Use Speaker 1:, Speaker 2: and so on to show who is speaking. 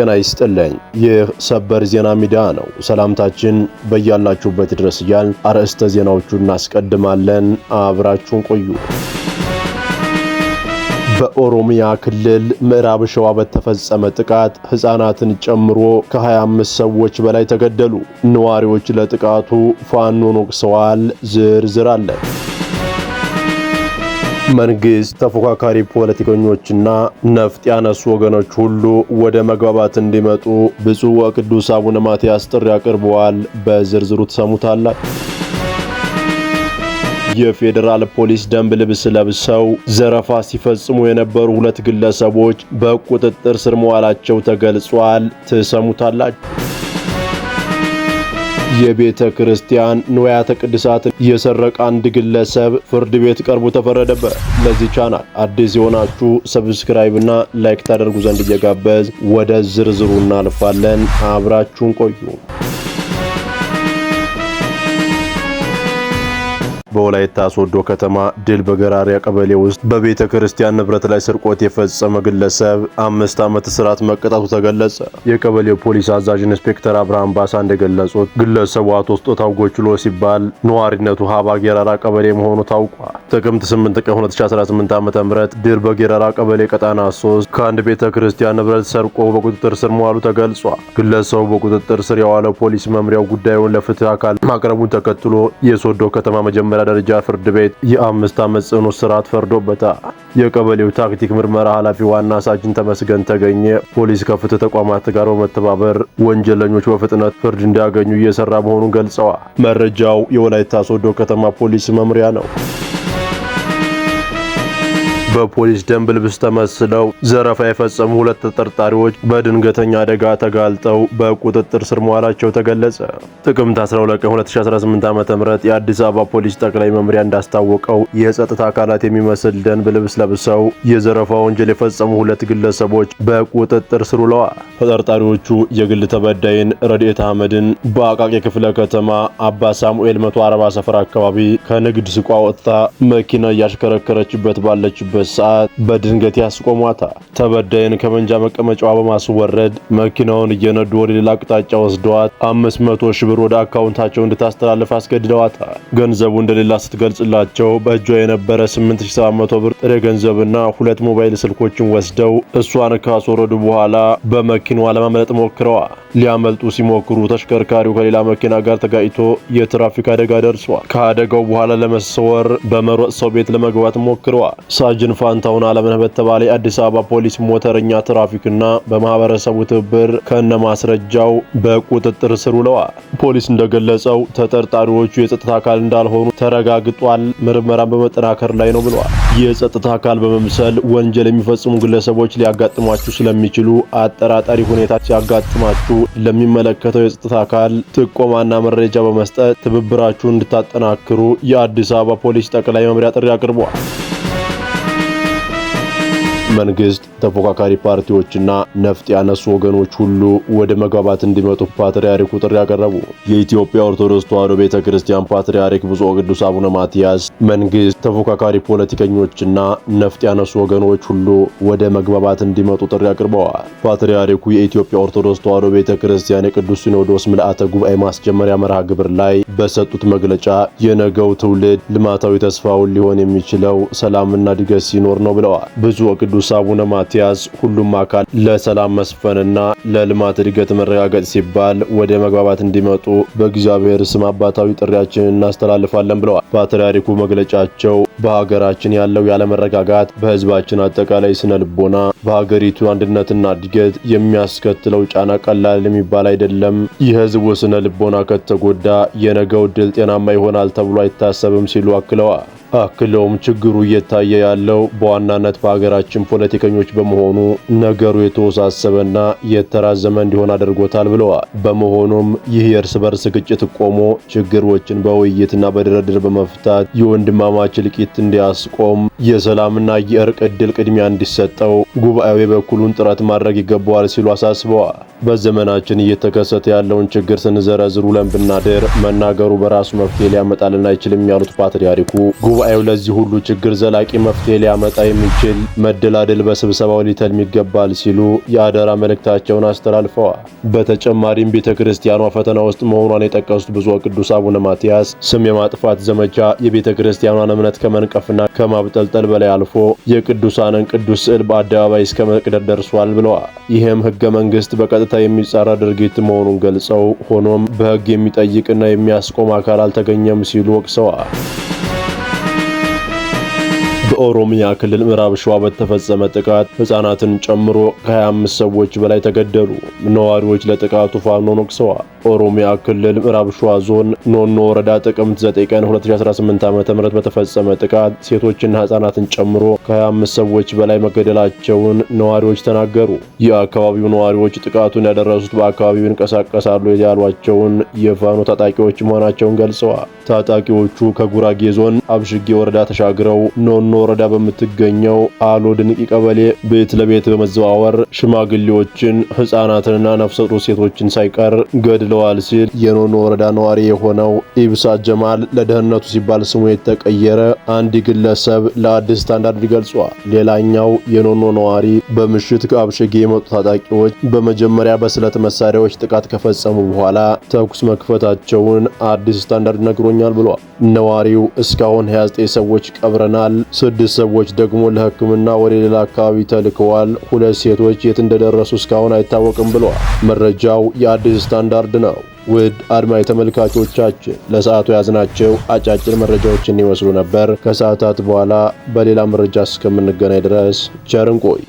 Speaker 1: ጤና ይስጥልኝ። ይህ ሰበር ዜና ሚዲያ ነው። ሰላምታችን በያላችሁበት ድረስ እያል አርዕስተ ዜናዎቹን እናስቀድማለን። አብራችሁን ቆዩ። በኦሮሚያ ክልል ምዕራብ ሸዋ በተፈጸመ ጥቃት ሕፃናትን ጨምሮ ከ25 ሰዎች በላይ ተገደሉ። ነዋሪዎች ለጥቃቱ ፋኖን ወቅሰዋል። ዝርዝር አለን። መንግስት ተፎካካሪ ፖለቲከኞችና ነፍጥ ያነሱ ወገኖች ሁሉ ወደ መግባባት እንዲመጡ ብፁዕ ወቅዱስ አቡነ ማትያስ ጥሪ አቅርበዋል። በዝርዝሩ ትሰሙታላችሁ። የፌዴራል ፖሊስ ደንብ ልብስ ለብሰው ዘረፋ ሲፈጽሙ የነበሩ ሁለት ግለሰቦች በቁጥጥር ስር መዋላቸው ተገልጿል። ትሰሙታላችሁ። የቤተ ክርስቲያን ንዋያተ ቅድሳትን የሰረቀ አንድ ግለሰብ ፍርድ ቤት ቀርቦ ተፈረደበት። ለዚህ ቻናል አዲስ የሆናችሁ እና ላይክ ታደርጉ ዘንድ እየጋበዝ ወደ ዝርዝሩ እናልፋለን። አብራችሁን ቆዩ። በወላይታ ሶዶ ከተማ ድል በገራሪያ ቀበሌ ውስጥ በቤተ ክርስቲያን ንብረት ላይ ስርቆት የፈጸመ ግለሰብ አምስት ዓመት እስራት መቀጣቱ ተገለጸ። የቀበሌው ፖሊስ አዛዥ ኢንስፔክተር አብርሃም ባሳ እንደገለጹት ግለሰቡ አቶ ስጦታው ጎችሎ ሲባል ነዋሪነቱ ሀባ ጌራራ ቀበሌ መሆኑ ታውቋል። ጥቅምት 8 ቀን 2018 ዓ ም ድል በጌራራ ቀበሌ ቀጣና 3 ከአንድ ቤተ ክርስቲያን ንብረት ሰርቆ በቁጥጥር ስር መዋሉ ተገልጿል። ግለሰቡ በቁጥጥር ስር የዋለው ፖሊስ መምሪያው ጉዳዩን ለፍትህ አካል ማቅረቡን ተከትሎ የሶዶ ከተማ መጀመሪያ ደረጃ ፍርድ ቤት የአምስት ዓመት ጽኑ እስራት ፈርዶበታል። የቀበሌው ታክቲክ ምርመራ ኃላፊ ዋና ሳጅን ተመስገን ተገኘ ፖሊስ ከፍትህ ተቋማት ጋር በመተባበር ወንጀለኞች በፍጥነት ፍርድ እንዲያገኙ እየሰራ መሆኑን ገልጸዋል። መረጃው የወላይታ ሶዶ ከተማ ፖሊስ መምሪያ ነው። በፖሊስ ደንብ ልብስ ተመስለው ዘረፋ የፈጸሙ ሁለት ተጠርጣሪዎች በድንገተኛ አደጋ ተጋልጠው በቁጥጥር ስር መዋላቸው ተገለጸ። ጥቅምት 12 ቀን 2018 ዓ.ም የአዲስ አበባ ፖሊስ ጠቅላይ መምሪያ እንዳስታወቀው የጸጥታ አካላት የሚመስል ደንብ ልብስ ለብሰው የዘረፋ ወንጀል የፈጸሙ ሁለት ግለሰቦች በቁጥጥር ስር ውለዋል። ተጠርጣሪዎቹ የግል ተበዳይን ረድኤት አህመድን በአቃቂ ክፍለ ከተማ አባ ሳሙኤል 140 ሰፈር አካባቢ ከንግድ ሱቋ ወጥታ መኪና እያሽከረከረችበት ባለችበት ሰዓት በድንገት ያስቆሟታል። ተበዳይን ከመንጃ መቀመጫዋ በማስወረድ መኪናውን እየነዱ ወደ ሌላ አቅጣጫ ወስደዋት አምስት መቶ ሺህ ብር ወደ አካውንታቸው እንድታስተላልፍ አስገድደዋታል። ገንዘቡ እንደሌላ ስትገልጽላቸው በእጇ የነበረ 8700 ብር ጥሬ ገንዘብና ሁለት ሞባይል ስልኮችን ወስደው እሷን ካስወረዱ በኋላ በመኪናዋ ለማምለጥ ሞክረዋል። ሊያመልጡ ሲሞክሩ ተሽከርካሪው ከሌላ መኪና ጋር ተጋጭቶ የትራፊክ አደጋ ደርሷል። ከአደጋው በኋላ ለመሰወር በመሮጥ ሰው ቤት ለመግባት ሞክረዋል። ሳጅን ፋንታውን አለምነህ በተባለ የአዲስ አበባ ፖሊስ ሞተረኛ ትራፊክና በማህበረሰቡ ትብብር ከነማስረጃው በቁጥጥር ስር ውለዋል። ፖሊስ እንደገለጸው ተጠርጣሪዎቹ የጸጥታ አካል እንዳልሆኑ ተረጋግጧል፣ ምርመራን በመጠናከር ላይ ነው ብለዋል። የጸጥታ አካል በመምሰል ወንጀል የሚፈጽሙ ግለሰቦች ሊያጋጥሟችሁ ስለሚችሉ አጠራጣሪ ሁኔታ ሲያጋጥማችሁ ለሚመለከተው የጸጥታ አካል ጥቆማና መረጃ በመስጠት ትብብራችሁን እንድታጠናክሩ የአዲስ አበባ ፖሊስ ጠቅላይ መምሪያ ጥሪ አቅርቧል። መንግስት፣ ተፎካካሪ ፓርቲዎችና ነፍጥ ያነሱ ወገኖች ሁሉ ወደ መግባባት እንዲመጡ ፓትርያርኩ ጥሪ ያቀረቡ። የኢትዮጵያ ኦርቶዶክስ ተዋሕዶ ቤተ ክርስቲያን ፓትርያርክ ብፁዕ ቅዱስ አቡነ ማትያስ መንግስት፣ ተፎካካሪ ፖለቲከኞችና ነፍጥ ያነሱ ወገኖች ሁሉ ወደ መግባባት እንዲመጡ ጥሪ አቅርበዋል። ፓትርያርኩ የኢትዮጵያ ኦርቶዶክስ ተዋሕዶ ቤተ ክርስቲያን የቅዱስ ሲኖዶስ ምልአተ ጉባኤ ማስጀመሪያ መርሃ ግብር ላይ በሰጡት መግለጫ የነገው ትውልድ ልማታዊ ተስፋውን ሊሆን የሚችለው ሰላምና እድገት ሲኖር ነው ብለዋል። ብፁዕ ቅዱስ ቅዱስ አቡነ ማትያስ ሁሉም አካል ለሰላም መስፈንና ለልማት እድገት መረጋገጥ ሲባል ወደ መግባባት እንዲመጡ በእግዚአብሔር ስም አባታዊ ጥሪያችንን እናስተላልፋለን ብለዋል። ፓትርያርኩ መግለጫቸው በሀገራችን ያለው ያለመረጋጋት በህዝባችን አጠቃላይ ስነ ልቦና፣ በሀገሪቱ አንድነትና እድገት የሚያስከትለው ጫና ቀላል የሚባል አይደለም። የህዝቡ ስነ ልቦና ከተጎዳ የነገው ድል ጤናማ ይሆናል ተብሎ አይታሰብም ሲሉ አክለዋል። አክለውም ችግሩ እየታየ ያለው በዋናነት በሀገራችን ፖለቲከኞች በመሆኑ ነገሩ የተወሳሰበና የተራዘመ እንዲሆን አድርጎታል ብለዋል። በመሆኑም ይህ የእርስ በርስ ግጭት ቆሞ ችግሮችን በውይይትና በድርድር በመፍታት የወንድማማች እልቂት እንዲያስቆም የሰላምና የእርቅ ዕድል ቅድሚያ እንዲሰጠው ጉባኤው የበኩሉን ጥረት ማድረግ ይገባዋል ሲሉ አሳስበዋል። በዘመናችን እየተከሰተ ያለውን ችግር ስንዘረዝሩ ውለን ብናድር መናገሩ በራሱ መፍትሄ ሊያመጣልን አይችልም ያሉት ፓትርያርኩ ጉባኤው ለዚህ ሁሉ ችግር ዘላቂ መፍትሄ ሊያመጣ የሚችል መደላደል በስብሰባው ሊተልም ይገባል ሲሉ የአደራ መልእክታቸውን አስተላልፈዋል። በተጨማሪም ቤተ ክርስቲያኗ ፈተና ውስጥ መሆኗን የጠቀሱት ብፁዕ ወቅዱስ አቡነ ማትያስ ስም የማጥፋት ዘመቻ የቤተ ክርስቲያኗን እምነት ከመንቀፍና ከማብጠልጠል በላይ አልፎ የቅዱሳንን ቅዱስ ስዕል በአደባባይ እስከ መቅደር ደርሷል ብለዋል። ይህም ህገ መንግስት በቀጥ በቀጥታ የሚጻራ ድርጊት መሆኑን ገልጸው ሆኖም በህግ የሚጠይቅና የሚያስቆም አካል አልተገኘም ሲሉ ወቅሰዋል። በኦሮሚያ ክልል ምዕራብ ሸዋ በተፈጸመ ጥቃት ሕፃናትን ጨምሮ ከ25 ሰዎች በላይ ተገደሉ። ነዋሪዎች ለጥቃቱ ፋኖን ወቅሰዋል። ኦሮሚያ ክልል ምዕራብ ሸዋ ዞን ኖኖ ወረዳ ጥቅምት 9 ቀን 2018 ዓ.ም በተፈጸመ ጥቃት ሴቶችና ህጻናትን ጨምሮ ከ25 ሰዎች በላይ መገደላቸውን ነዋሪዎች ተናገሩ። የአካባቢው ነዋሪዎች ጥቃቱን ያደረሱት በአካባቢው ይንቀሳቀሳሉ ያሏቸውን የፋኖ ታጣቂዎች መሆናቸውን ገልጸዋል። ታጣቂዎቹ ከጉራጌ ዞን አብሽጌ ወረዳ ተሻግረው ኖኖ ወረዳ በምትገኘው አሎ ድንቂ ቀበሌ ቤት ለቤት በመዘዋወር ሽማግሌዎችን፣ ህጻናትንና ነፍሰ ጡር ሴቶችን ሳይቀር ገድለዋል ሲል የኖኖ ወረዳ ነዋሪ የሆነው ኢብሳ ጀማል ለደህንነቱ ሲባል ስሙ የተቀየረ አንድ ግለሰብ ለአዲስ ስታንዳርድ ገልጿል። ሌላኛው የኖኖ ነዋሪ በምሽት ከአብሸጌ የመጡ ታጣቂዎች በመጀመሪያ በስለት መሳሪያዎች ጥቃት ከፈጸሙ በኋላ ተኩስ መክፈታቸውን አዲስ ስታንዳርድ ነግሮኛል ብሏል። ነዋሪው እስካሁን 29 ሰዎች ቀብረናል ስድስት ሰዎች ደግሞ ለሕክምና ወደ ሌላ አካባቢ ተልከዋል። ሁለት ሴቶች የት እንደደረሱ እስካሁን አይታወቅም ብለዋል። መረጃው የአዲስ ስታንዳርድ ነው። ውድ አድማጭ ተመልካቾቻችን ለሰዓቱ ያዝናቸው አጫጭር መረጃዎችን ይመስሉ ነበር። ከሰዓታት በኋላ በሌላ መረጃ እስከምንገናኝ ድረስ ቸርን ቆይ